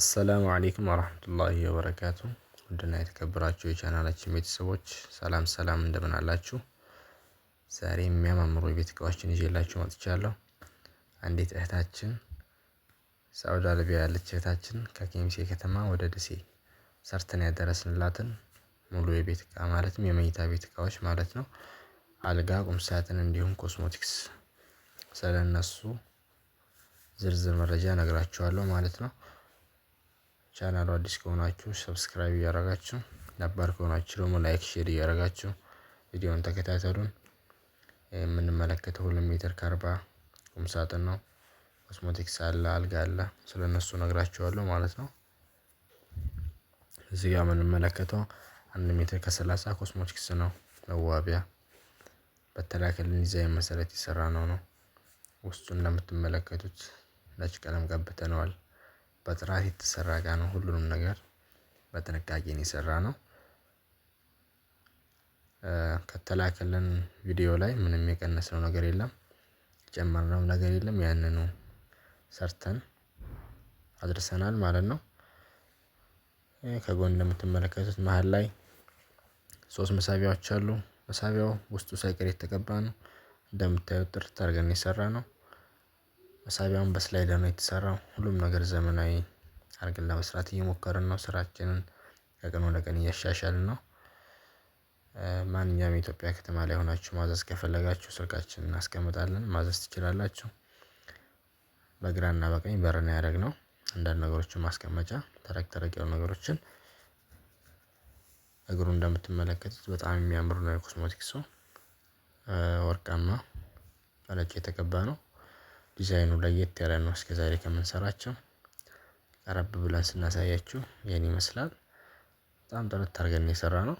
አሰላሙ አሌይኩም ወራህመቱላሂ ወበረካቱ ውድና የተከበራችሁ የቻናላችን ቤተሰቦች ሰላም ሰላም እንደምን አላችሁ? ዛሬ የሚያማምሩ የቤት እቃዎችን ይዤላችሁ መጥቻለሁ። አንዲት እህታችን ሳዑዲ አረቢያ ያለች እህታችን ከኬሚሴ ከተማ ወደ ደሴ ሰርተን ያደረስንላትን ሙሉ የቤት እቃ ማለትም የመኝታ ቤት እቃዎች ማለት ነው አልጋ፣ ቁምሳጥን እንዲሁም ኮስሞቲክስ ስለነሱ ዝርዝር መረጃ ነግራችኋለሁ ማለት ነው። ቻናሉ አዲስ ከሆናችሁ ሰብስክራይብ እያደረጋችሁ ነባር ከሆናችሁ ደግሞ ላይክ ሼር እያደረጋችሁ ቪዲዮውን ተከታተሉን። የምንመለከተው ሁለት ሜትር ከአርባ ቁምሳጥን ነው። ኮስሞቲክስ አለ፣ አልጋ አለ። ስለነሱ ነግራችኋለሁ ማለት ነው። እዚህ ጋር የምንመለከተው አንድ ሜትር ከሰላሳ ኮስሞቲክስ ነው። መዋቢያ በተላከልን ዲዛይን መሰረት የሰራ ነው ነው ውስጡ እንደምትመለከቱት ነጭ ቀለም ቀብተነዋል። በጥራት የተሰራ እቃ ነው ሁሉንም ነገር በጥንቃቄ ነው የሰራነው። ከተላከልን ቪዲዮ ላይ ምንም የቀነስነው ነገር የለም። የጨመርነው ነገር የለም ያንኑ ሰርተን አድርሰናል ማለት ነው። ከጎን እንደምትመለከቱት መሀል ላይ ሶስት መሳቢያዎች አሉ መሳቢያው ውስጡ ሳይቀር የተቀባ ነው። እንደምታዩት ጥርት አድርገን ነው መሳቢያውን በስላይደር ነው የተሰራው ሁሉም ነገር ዘመናዊ አድርገን ለመስራት እየሞከርን ነው ስራችንን ከቀን ወደ ቀን እያሻሻልን ነው። ማንኛውም የኢትዮጵያ ከተማ ላይ ሆናችሁ ማዘዝ ከፈለጋችሁ ስልካችንን እናስቀምጣለን ማዘዝ ትችላላችሁ። በግራና በቀኝ በር ነው ያደረግነው አንዳንድ ነገሮችን ማስቀመጫ ተረቅ ተረቅ ያሉ ነገሮችን። እግሩ እንደምትመለከቱት በጣም የሚያምሩ ነው የኮስሞቲክሱ ወርቃማ በነጭ የተቀባ ነው ዲዛይኑ ለየት ያለ ነው እስከዛሬ ከምንሰራቸው ቀረብ ብለን ስናሳያችሁ ይህን ይመስላል። በጣም ጥርት አድርገን ነው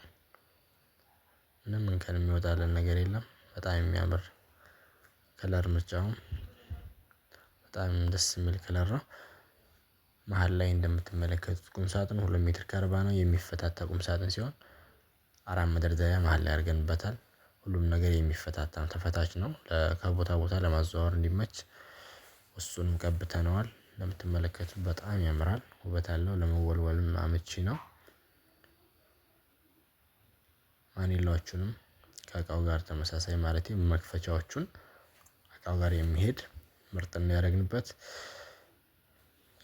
ምንም እንከን የሚወጣለን ነገር የለም። በጣም የሚያምር ከለር ምርጫውም በጣም ደስ የሚል ከለር ነው። መሀል ላይ እንደምትመለከቱት ቁም ሳጥኑ ሁለት ሜትር ከአርባ ነው የሚፈታታ ቁም ሳጥን ሲሆን አራት መደርደሪያ መሃል ላይ አድርገንበታል። ሁሉም ነገር የሚፈታታ ነው ተፈታች ነው ከቦታ ቦታ ለማዘዋወር እንዲመች እሱንም ቀብተነዋል እንደምትመለከቱት በጣም ያምራል ውበት አለው ለመወልወልም አመቺ ነው። ማኒላዎቹንም ከእቃው ጋር ተመሳሳይ ማለት መክፈቻዎቹን እቃው ጋር የሚሄድ ምርጥ ያደረግንበት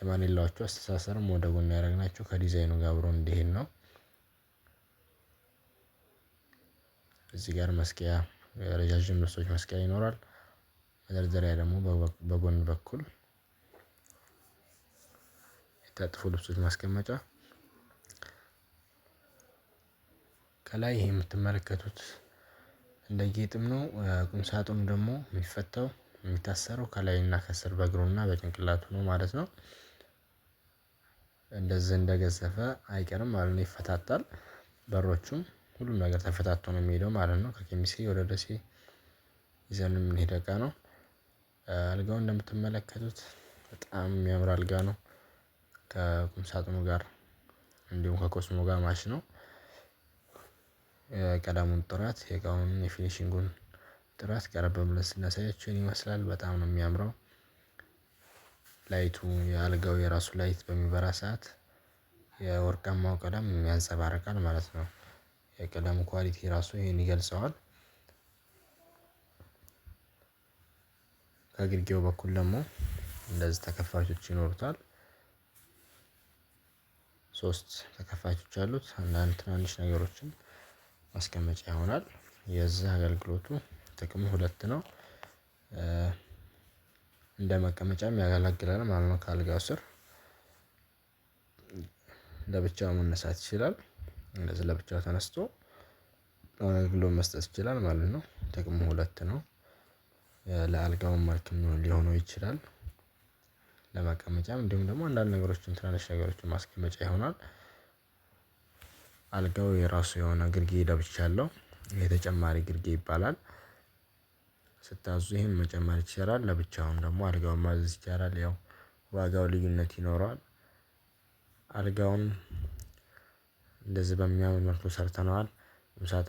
የማኒላዎቹ አስተሳሰርም ወደ ጎን ያደረግናቸው ከዲዛይኑ ጋር አብሮ እንዲሄድ ነው። እዚህ ጋር መስቀያ ረዣዥም ልብሶች መስቀያ ይኖራል መደርደሪያ ደግሞ በጎን በኩል የታጠፉ ልብሶች ማስቀመጫ ከላይ ይህ የምትመለከቱት እንደ ጌጥም ነው። ቁም ሳጥኑ ደግሞ የሚፈታው የሚታሰረው ከላይና ከስር በእግሩና በጭንቅላቱ ነው ማለት ነው። እንደዚህ እንደገዘፈ አይቀርም ማለት ነው። ይፈታታል። በሮቹም ሁሉም ነገር ተፈታቶ ነው የሚሄደው ማለት ነው። ከኬሚሴ ወደ ደሴ ይዘን የምንሄድ እቃ ነው። አልጋው እንደምትመለከቱት በጣም የሚያምር አልጋ ነው። ከቁም ሳጥኑ ጋር እንዲሁም ከኮስሞ ጋር ማች ነው። የቀለሙን ጥራት የእቃውን የፊኒሽንጉን ጥራት ቀረብ ብለን ስናሳያቸውን ይመስላል በጣም ነው የሚያምረው። ላይቱ የአልጋው የራሱ ላይት በሚበራ ሰዓት የወርቃማው ቀለም ያንጸባርቃል ማለት ነው። የቀለሙ ኳሊቲ ራሱ ይህን ይገልጸዋል ከግርጌው በኩል ደግሞ እንደዚህ ተከፋቾች ይኖሩታል። ሶስት ተከፋቾች አሉት። አንዳንድ ትናንሽ ነገሮችን ማስቀመጫ ይሆናል። የዚህ አገልግሎቱ ጥቅሙ ሁለት ነው። እንደ መቀመጫም ያገለግላል ማለት ነው። ከአልጋው ስር ለብቻው መነሳት ይችላል። እንደዚህ ለብቻው ተነስቶ አገልግሎት መስጠት ይችላል ማለት ነው። ጥቅሙ ሁለት ነው። ለአልጋውም መልክም ሊሆነው ይችላል። ለመቀመጫም እንዲሁም ደግሞ አንዳንድ ነገሮችን ትናንሽ ነገሮችን ማስቀመጫ ይሆናል። አልጋው የራሱ የሆነ ግርጌ ለብቻ አለው ይሄ ተጨማሪ ግርጌ ይባላል። ስታዙ ይህም መጨመር ይችላል። ለብቻውን ደግሞ አልጋው ማዘዝ ይቻላል ያው ዋጋው ልዩነት ይኖረዋል። አልጋውን እንደዚህ በሚያምር መልኩ ሰርተነዋል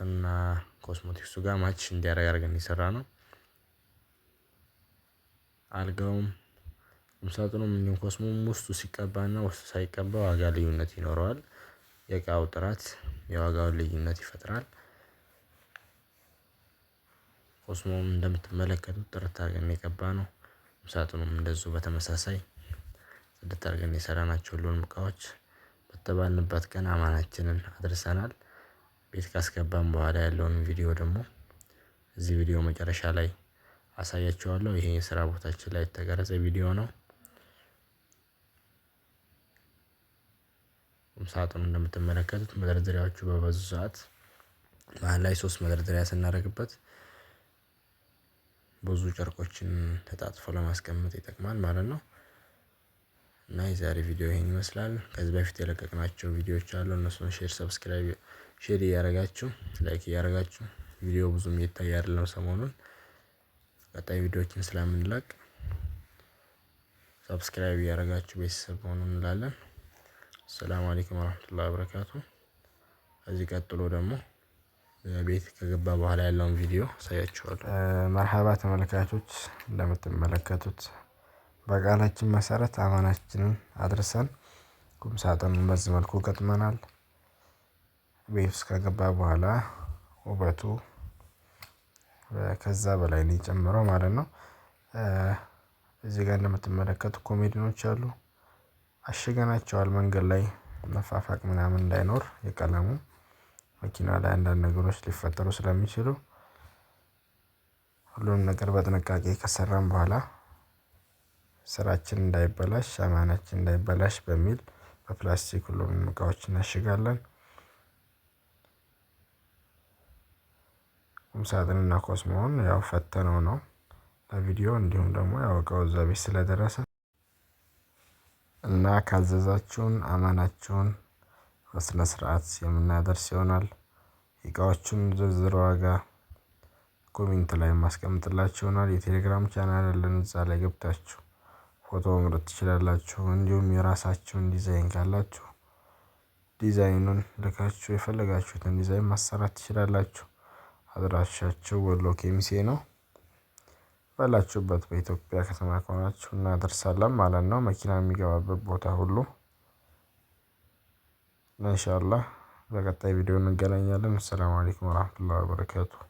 ቁም ኮስሞቲክሱ ጋር ማች እንዲያደርግ አድርገን ነው። አልጋውም ቁምሳጥኑም እንዲሁም ኮስሞም ውስጡ ሲቀባና ውስጡ ሳይቀባ ዋጋ ልዩነት ይኖረዋል። የእቃው ጥራት የዋጋውን ልዩነት ይፈጥራል። ኮስሞም እንደምትመለከቱት ጥርት አድርገን የቀባ ነው ቁምሳጥኑም እንደዚሁ በተመሳሳይ ጽድት አድርገን የሰራናቸው ሁሉንም እቃዎች በተባልንበት ቀን አማናችንን አድርሰናል። ቤት ካስገባን በኋላ ያለውን ቪዲዮ ደግሞ እዚህ ቪዲዮ መጨረሻ ላይ አሳያችኋለሁ። ይሄ የስራ ቦታችን ላይ የተቀረጸ ቪዲዮ ነው። ቁምሳጥኑ እንደምትመለከቱት መደርደሪያዎቹ በበዙ ሰዓት መሀል ላይ ሶስት መደርደሪያ ስናደርግበት ብዙ ጨርቆችን ተጣጥፎ ለማስቀመጥ ይጠቅማል ማለት ነው። እና የዛሬ ቪዲዮ ይህን ይመስላል። ከዚህ በፊት የለቀቅናቸው ቪዲዮዎች አሉ። እነሱን ሼር፣ ሰብስክራይብ፣ ሼር እያደረጋችሁ ላይክ እያደረጋችሁ ቪዲዮ ብዙም እየታየ አይደለም ሰሞኑን ቀጣይ ቪዲዮዎችን ስለምንለቅ ሰብስክራይብ እያደረጋችሁ ቤተሰብ ሆኑ እንላለን። ሰላም አለይኩም ወራህመቱላሂ ወበረካቱ። ከዚህ ቀጥሎ ደግሞ ቤት ከገባ በኋላ ያለውን ቪዲዮ አሳያችኋለሁ። መርሐባ ተመልካቾች፣ እንደምትመለከቱት በቃላችን መሰረት አማናችንን አድርሰን ቁም ሳጥኑን በዚህ መልኩ ገጥመናል። ቤት ውስጥ ከገባ በኋላ ውበቱ ከዛ በላይ ነው የጨመረው ማለት ነው። እዚህ ጋር እንደምትመለከቱ ኮሜዲኖች አሉ። አሽገናቸዋል መንገድ ላይ መፋፋቅ ምናምን እንዳይኖር የቀለሙ መኪና ላይ አንዳንድ ነገሮች ሊፈጠሩ ስለሚችሉ ሁሉንም ነገር በጥንቃቄ ከሰራን በኋላ ስራችን እንዳይበላሽ አማናችን እንዳይበላሽ በሚል በፕላስቲክ ሁሉንም እቃዎች እናሽጋለን ሳጥንና ኮስሞን ያው ፈተነው ነው ለቪዲዮ እንዲሁም ደግሞ ያው እቃው እዛ ቤት ስለደረሰ እና ካዘዛችሁን አማናችሁን በስነ ስርዓት የምናደርስ ይሆናል። እቃዎቹን ዝርዝር ዋጋ ኮሜንት ላይ ማስቀምጥላችሁ ይሆናል። የቴሌግራም ቻናል ያለን እዛ ላይ ገብታችሁ ፎቶ መምረጥ ትችላላችሁ። እንዲሁም የራሳችሁን ዲዛይን ካላችሁ ዲዛይኑን ልካችሁ የፈለጋችሁትን ዲዛይን ማሰራት ትችላላችሁ። አድራሻቸው ወሎ ኬሚሴ ነው። ባላችሁበት በኢትዮጵያ ከተማ ከሆናችሁ እናደርሳለን ማለት ነው። መኪና የሚገባበት ቦታ ሁሉ ኢንሻአላህ በቀጣይ ቪዲዮ እንገናኛለን። አሰላሙ አለይኩም ወራህመቱላሂ ወበረካቱሁ።